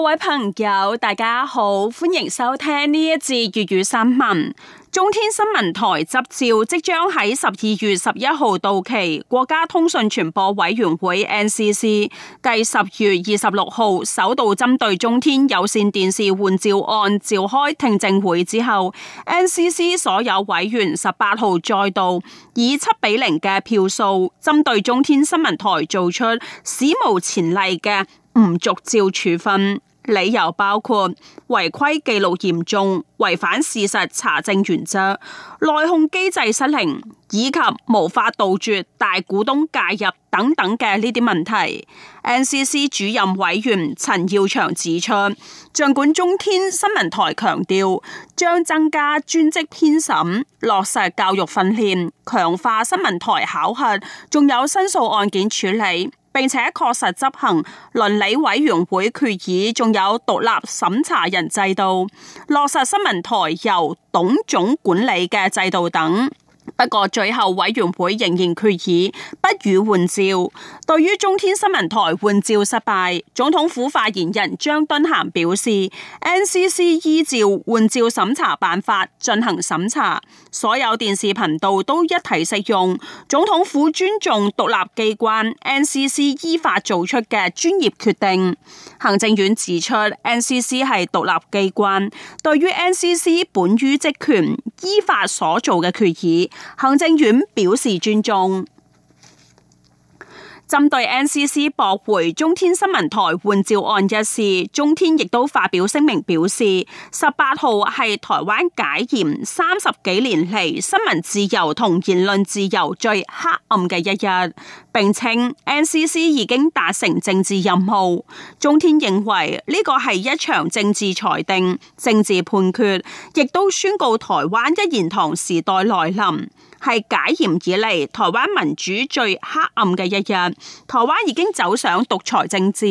各位朋友，大家好，歡迎收聽呢一節粵語新聞。中天新聞台執照即將喺十二月十一號到期，國家通訊傳播委員會 NCC 繼十月二十六號首度針對中天有線電視換照案召開聽證會之後，NCC 所有委員十八號再度以七比零嘅票數，針對中天新聞台做出史無前例嘅唔續照處分。理由包括違規記錄嚴重、違反事實查證原則、內控機制失靈以及無法杜絕大股東介入等等嘅呢啲問題。NCC 主任委員陳耀祥指出，儘管中天新聞台強調將增加專職編審、落實教育訓練、強化新聞台考核，仲有申訴案件處理。並且確實執行倫理委員會決議，仲有獨立審查人制度，落實新聞台由董總管理嘅制度等。不過最後委員會仍然決議不予換照。對於中天新聞台換照失敗，總統府發言人張惇涵表示，NCC 依照換照審查辦法進行審查，所有電視頻道都一體適用。總統府尊重獨立機關 NCC 依法做出嘅專業決定。行政院指出，NCC 係獨立機關，對於 NCC 本於職權依法所做嘅決議。行政院表示尊重。針對 NCC 駁回中天新聞台換照案一事，中天亦都發表聲明表示，十八號係台灣解嚴三十幾年嚟新聞自由同言論自由最黑暗嘅一日，並稱 NCC 已經達成政治任務。中天認為呢個係一場政治裁定，政治判決，亦都宣告台灣一言堂時代來臨。係解嚴以嚟台灣民主最黑暗嘅一日，台灣已經走上獨裁政治。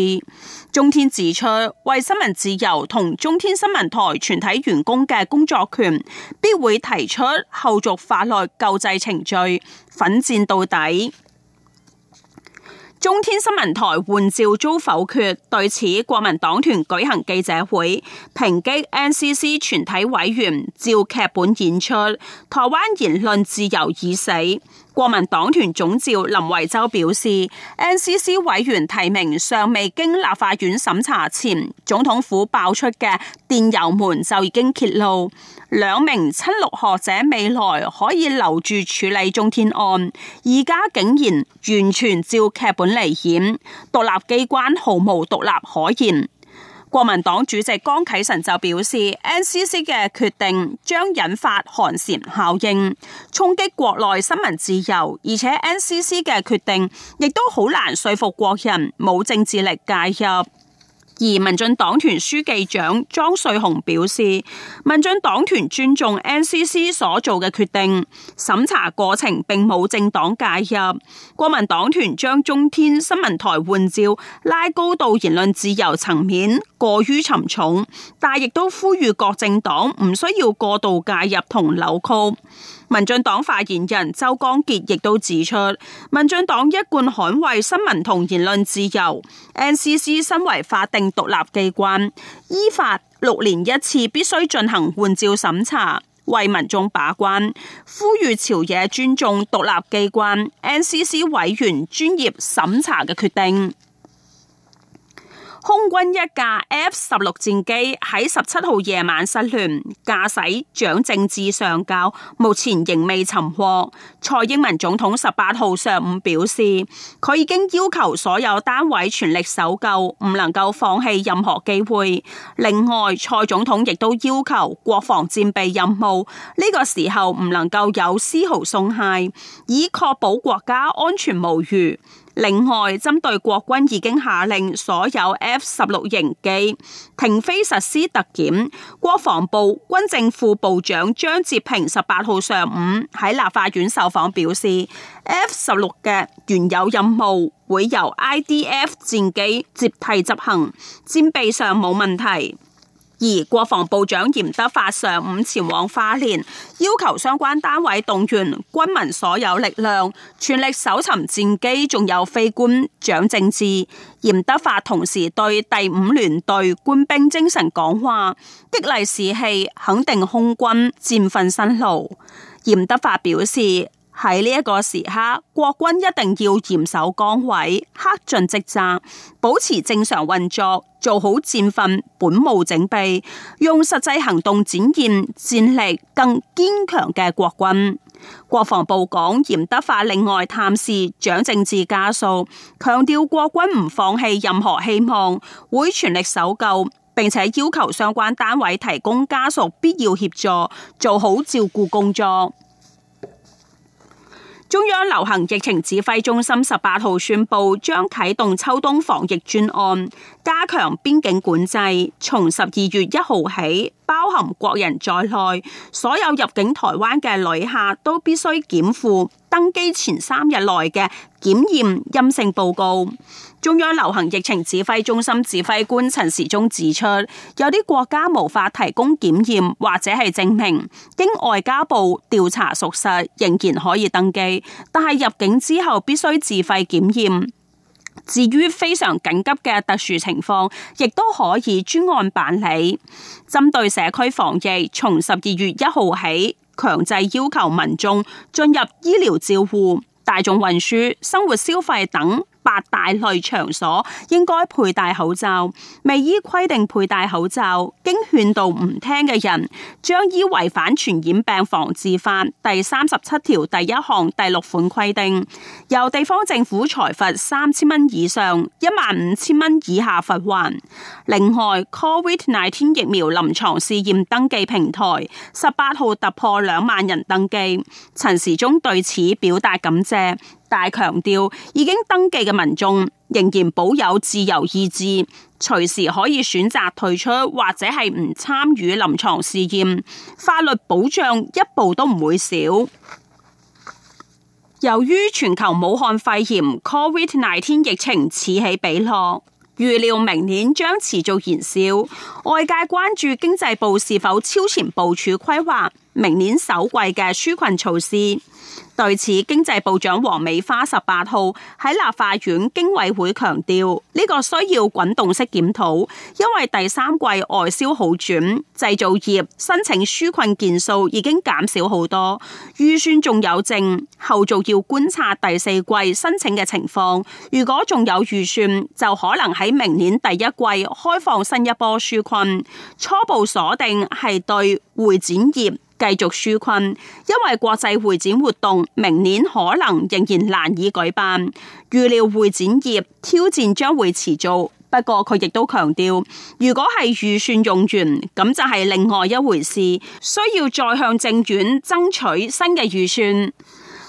中天指出，為新聞自由同中天新聞台全體員工嘅工作權，必會提出後續法律救濟程序，奮戰到底。中天新聞台換照遭否決，對此國民黨團舉行記者會，抨擊 NCC 全體委員照劇本演出，台灣言論自由已死。國民黨團總召林維洲表示，NCC 委員提名尚未經立法院審查前，總統府爆出嘅電郵門就已經揭露。兩名親綠學者未來可以留住處理中天案，而家竟然完全照劇本嚟演，獨立機關毫無獨立可言。國民黨主席江啟臣就表示，NCC 嘅決定將引發寒蟬效應，衝擊國內新聞自由，而且 NCC 嘅決定亦都好難說服國人冇政治力介入。而民進黨團書記長莊瑞雄表示，民進黨團尊重 NCC 所做嘅決定，審查過程並冇政黨介入。國民黨團將中天新聞台換照，拉高到言論自由層面，過於沉重，但亦都呼籲各政黨唔需要過度介入同扭曲。民進黨發言人周江杰亦都指出，民進黨一貫捍衛新聞同言論自由。NCC 身為法定獨立機關，依法六年一次必須進行換照審查，為民眾把關。呼籲朝野尊重獨立機關 NCC 委員專業審查嘅決定。空軍一架 F 十六戰機喺十七號夜晚失聯，駕駛蔣正志上校目前仍未尋獲。蔡英文總統十八號上午表示，佢已經要求所有單位全力搜救，唔能夠放棄任何機會。另外，蔡總統亦都要求國防戰備任務，呢個時候唔能夠有絲毫鬆懈，以確保國家安全無虞。另外，針對國軍已經下令所有 F 十六型機停飛實施特檢，國防部軍政副部長張哲平十八號上午喺立法院受訪表示，F 十六嘅原有任務會由 IDF 戰機接替執行，戰備上冇問題。而國防部長嚴德發上午前往花蓮，要求相關單位動員軍民所有力量，全力搜尋戰機，仲有飛官蔣正志。嚴德發同時對第五聯隊官兵精神講話，激勵士氣，肯定空軍戰訓辛勞。嚴德發表示。喺呢一個時刻，國軍一定要嚴守崗位，克盡職責，保持正常運作，做好戰訓本務整備，用實際行動展現戰力更堅強嘅國軍。國防部講嚴德發另外探視蔣正志家屬，強調國軍唔放棄任何希望，會全力搜救，並且要求相關單位提供家屬必要協助，做好照顧工作。中央流行疫情指揮中心十八號宣布，將啟動秋冬防疫專案，加強邊境管制，從十二月一號起。包含國人在內，所有入境台灣嘅旅客都必須檢附登機前三日內嘅檢驗陰性報告。中央流行疫情指揮中心指揮官陳時中指出，有啲國家無法提供檢驗或者係證明，經外交部調查屬實，仍然可以登機，但係入境之後必須自費檢驗。至於非常緊急嘅特殊情況，亦都可以專案辦理。針對社區防疫，從十二月一號起，強制要求民眾進入醫療照護、大眾運輸、生活消費等，八大類場所應該佩戴口罩，未依規定佩戴口罩、經勸導唔聽嘅人，將依違反傳染病防治法第三十七條第一項第六款規定，由地方政府裁罰三千蚊以上一萬五千蚊以下罰鍰。另外，COVID-19 疫苗臨床試驗登記平台十八號突破兩萬人登記，陳時中對此表達感謝。大強調，已經登記嘅民眾仍然保有自由意志，隨時可以選擇退出或者係唔參與臨床試驗，法律保障一步都唔會少。由於全球武漢肺炎 （COVID-19） 疫情此起彼落，預料明年將持續延燒，外界關注經濟部是否超前部署規劃。明年首季嘅紓困措施，對此經濟部長王美花十八號喺立法院經委會強調，呢、這個需要滾動式檢討，因為第三季外銷好轉，製造業申請紓困件數已經減少好多，預算仲有剩，後續要觀察第四季申請嘅情況。如果仲有預算，就可能喺明年第一季開放新一波紓困，初步鎖定係對會展業。繼續紓困，因為國際會展活動明年可能仍然難以舉辦。預料會展業挑戰將會持續，不過佢亦都強調，如果係預算用完，咁就係另外一回事，需要再向政院爭取新嘅預算。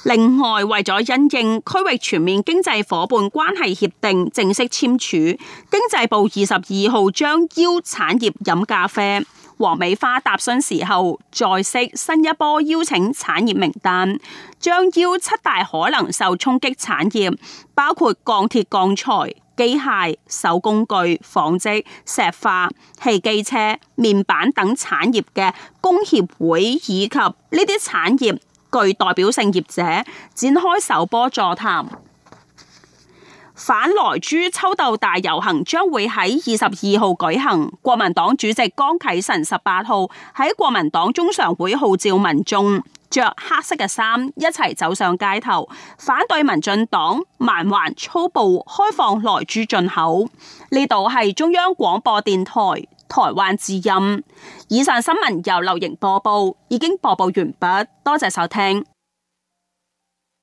另外，為咗因應區域全面經濟伙伴關係協定正式簽署，經濟部二十二號將邀產業飲咖啡。王美花答詢時候，再釋新一波邀請產業名單，將邀七大可能受衝擊產業，包括鋼鐵、鋼材、機械、手工具、紡織、石化、汽機車、面板等產業嘅工協會以及呢啲產業具代表性業者展開首波座談。反萊豬秋鬥大遊行將會喺二十二號舉行。國民黨主席江啟臣十八號喺國民黨中常會號召民眾着黑色嘅衫一齊走上街頭，反對民進黨蠻橫粗暴開放萊豬進口。呢度係中央廣播電台台灣之音。以上新聞由劉瑩播報，已經播報完畢。多謝收聽。